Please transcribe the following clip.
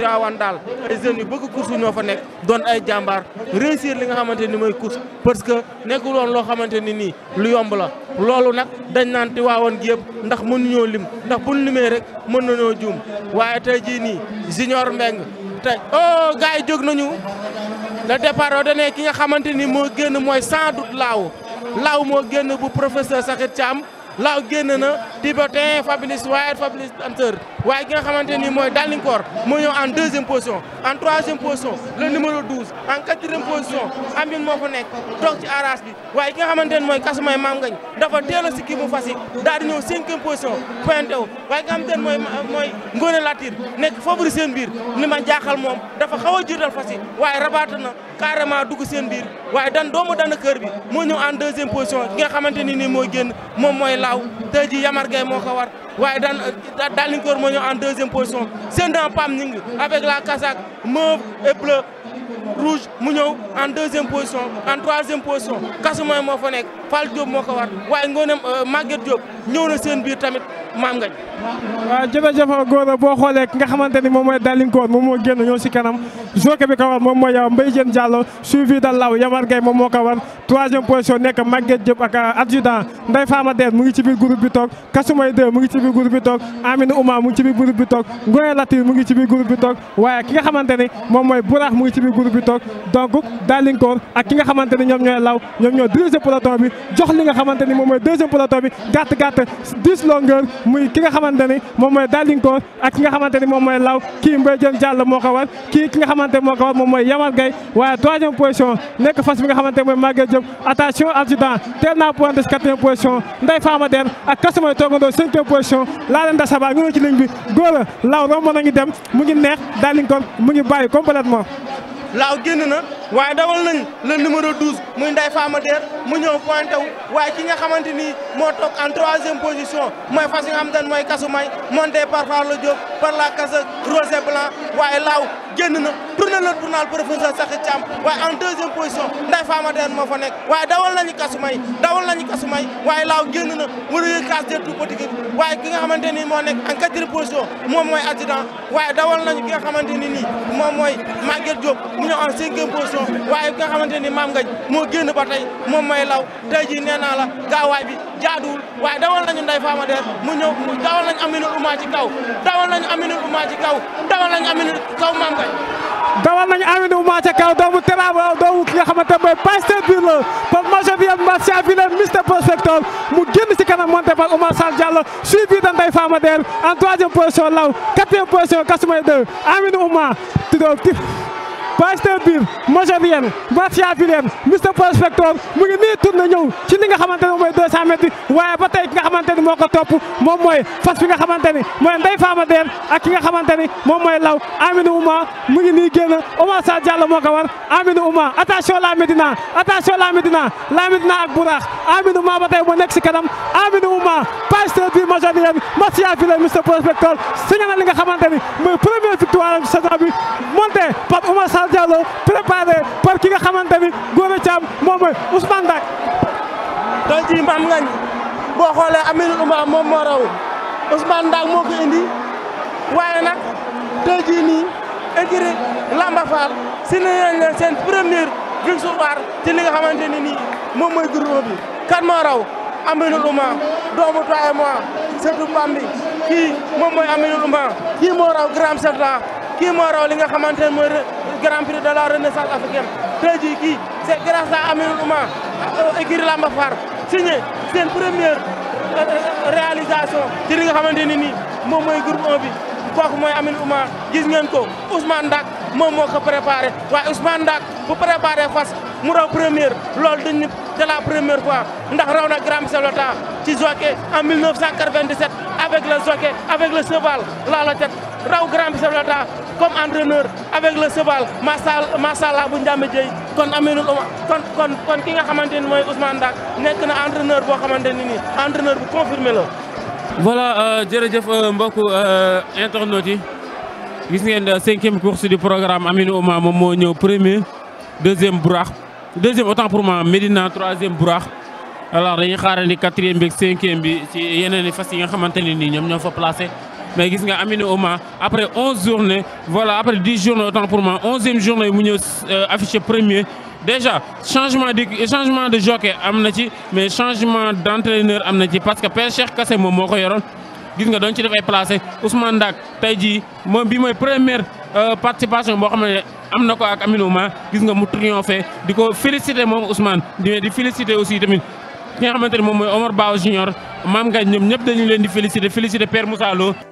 Tivaouane daal ay jeunes yu bëgg course ñoo fa nekk doon ay jàmbaar réussir li nga xamante ni mooy course parce que nekkuloon loo xamante ni nii lu yomb la loolu nag dañ naan Tivaouane gi yëpp ndax mënuñoo lim ndax buñ limee rek mën na juum waaye tey jii nii junior Mbengue tey oh yi jóg nañu le départ oo dane ki nga xamante ni moo génn mooy sans doute laaw laaw moo génn bu professeur Sakhir Thiam laaw génn na Thibatin Fabrice Wyatt Fabrice Hunter waaye ki nga xamante nii mooy Dalinkoor moo ñëw en deuxième position en troisième position le numéro 12 en quatrième position Amine moo fa nekk toog ci arras bi waaye ki nga xamante ni mooy Kasumay Maam Ngañ dafa teel a sikki bu fasik daal di ñëw cinquième position pointé wu waaye ki nga xamante ni mooy mooy Ngone Latir nekk favori seen biir li ma jaaxal moom dafa xaw a jiital fasik waaye rabaat na carrément dugg seen biir waaye dan doomu dana kër bi moo ñëw en deuxième position ki nga xamante ni nii mooy génn moom mooy laaw tey ji Yamar Gueye moo ko war waaye dan Dalin Koor moo ñëw en deuxième position seen dan Pam ñu ngi avec la casaque mauve et mu ñëw en deuxième position en troisième position kasu mooy moo fa nekk Fall Diop moo ko war waaye ngoonam euh, Maguette Diop ñëw na seen biir tamit maam ngañ waaw jërëjëf góor a boo xoolee ki nga xamante ni moom mooy dalinkoor moom moo génn ñëw si kanam jockey bi ko moom mooy euh, Mbaye Diène Diallo suivi da law Yamar Gueye moom moo ko war troisième nekk Maguette Diop ak euh, adjudant Ndeye Fama mu ngi ci biir groupe bi toog Kasumay Dee mu ngi ci biir groupe bi toog Amine Ouma mu ngi ci biir groupe bi toog Ngoye Latir mu ngi bi jox li nga xamante ni moom mooy deuxième plateau bi gàtt gàtt 10 longueur muy ki nga xamante ni moom mooy Dalinkoor ak ki nga xamante ni moom mooy Law kii Mbaye Diène Diallo moo ko kii ki nga xamante ni moo ko moom mooy Yamar Gaye waaye troisième position nekk fas bi nga xamante ni mooy Maguette Diop attention adjudant teel naa pointé si quatrième position Ndeye Der ak Kasamay toogandoo cinquième position laa leen da sabaa ngi ci ligne bi góor Law romb na laaw génn na waaye dawal nañ le numéro 12 muy Ndeye Fama Der mu ñëw pointé wu waaye ki nga xamante ni moo toog en troisième position mooy fas yi nga xam ne mooy kasu may monté par Farlo Diop par la case rose blanc waaye laaw génn na tourné na journal professeur Sakhi Thiam waaye en deuxième position Ndeye Fama Deen moo fa nekk waaye dawal nañu kasumay dawal nañu kasumay waaye laaw génn na war a casse des tout petit waaye ki nga xamante ni moo nekk en quatrième position moom mooy adjudant waaye dawal nañu ki nga xamante ni nii moom mooy Maguette Diop mu ñëw en cinquième position waaye ki nga xamante ni Mame Ngagne moo génn ba tey moom mooy law tey jii nee naa la gaawaay bi jaaduwul waaye dawal nañu Ndeye Fama Deen mu ñëw dawal nañu Aminou Ouma ci kaw dawal nañu Aminou Ouma ci kaw dawal nañu Aminou kaw Mame Ngagne dawal nañu Aminu Umaca Kaw doomu Teranga doomu ki nga xamante mooy Pasteur biir la par Majavier Marcia Villar Mister Prospector mu génn ci kanam monté par Oumar Sall Diallo suivi de Ndeye Fama Der en troisième position Law quatrième position Kasumay 2 Aminu Uma Tudor Pasteur biir Mojavienne Martiavillaine Mister Prospector mu ngi nii tourné ñëw ci li nga xamante ne mooy 200 mètres waaye ba tey ki nga xamante ni moo ko topp moom mooy fas bi nga xamante ni mooy Ndeye Fama Deen ak ki nga xamante ni moom mooy law Aminou Ouma mu ngi nii génn Ouma Sa Diallo moo ko war Aminou Ouma attention la Médina attention la Médina la Médina ak Bourax Aminou Ouma ba tey moo nekk si kanam Aminou Ouma Pasteur biir Mojavienne Martiavillaine Mister Prospector signé na li nga xamante ni mooy première victoire saison bi monté par Ouma Sa incha allah préparé par ki nga xamante ni Gora Thiam moom mooy Ousmane Dak. tey jii Mame Ngagne boo xoolee Aminul Oumar moom moo raw Dak moo ko indi waaye nag tey jii nii écurie Lamba Fall signé nañ leen seen première victoire ci li nga xamante ni nii moom mooy groupe bi kan moo raw Aminul Oumar doomu Toye moi surtout Bambi kii moom mooy Aminul Oumar kii moo raw Grand Serta kii li nga xamante ne mooy grand prix de la renaissance africaine tey jii kii c' euh, Lamba Far signé seen première euh, euh, réalisation ci li nga xamante ne nii moom mooy groupe kooku mooy Amirou Ouma gis ngeen ko Ousmane Ndak moom moo ko préparé waaye Ousmane Ndak bu préparé fas mu raw première loolu dañ c'est la première fois ndax raw na Gram Selota ci jockey en 1997 avec le jockey avec le cheval la la tête raw Gram Selota comme entraîneur avec le cheval macha macha allah bu Ndiamé Dieye kon Aminul Ouma kon kon ki nga xamante ni mooy Ousmane Ndak nekk na entraîneur boo xamante ni nii entraîneur bu confirmé la. voilà euh, jërëjëf euh, mbokku euh, internautes yi gis ngeen cinquième course du programme Aminul Ouma moom moo ñëw premier deuxième Bourax deuxième autant pour moi Médina troisième Bourax. alors dañuy xaarandi quatrième bi ak cinquième bi ci yeneen i fas yi nga xamante ne nii ñoom ñoo fa placé. mais gis nga Amine Oma après 11 journées voilà après 10 journées autant pour moi 11 onzième journée il ñëw euh, affiché premier déjà changement de changement de jockey amnati, mais changement d'entraîneur, parce que Père Cheikh Kassé moom moo ko yoroon gis nga ci def ay placé Ousmane Dak, tey jii premier. bi première euh, participation boo xam ne ko ak aminou Oma gis nga mu triomphé diko féliciter mom Ousmane di féliciter aussi tamit. ki nga xamanteni mom moy Omar Bao Junior mam Ngagne ñoom ñep dañu leen di féliciter féliciter Père Moussa Lo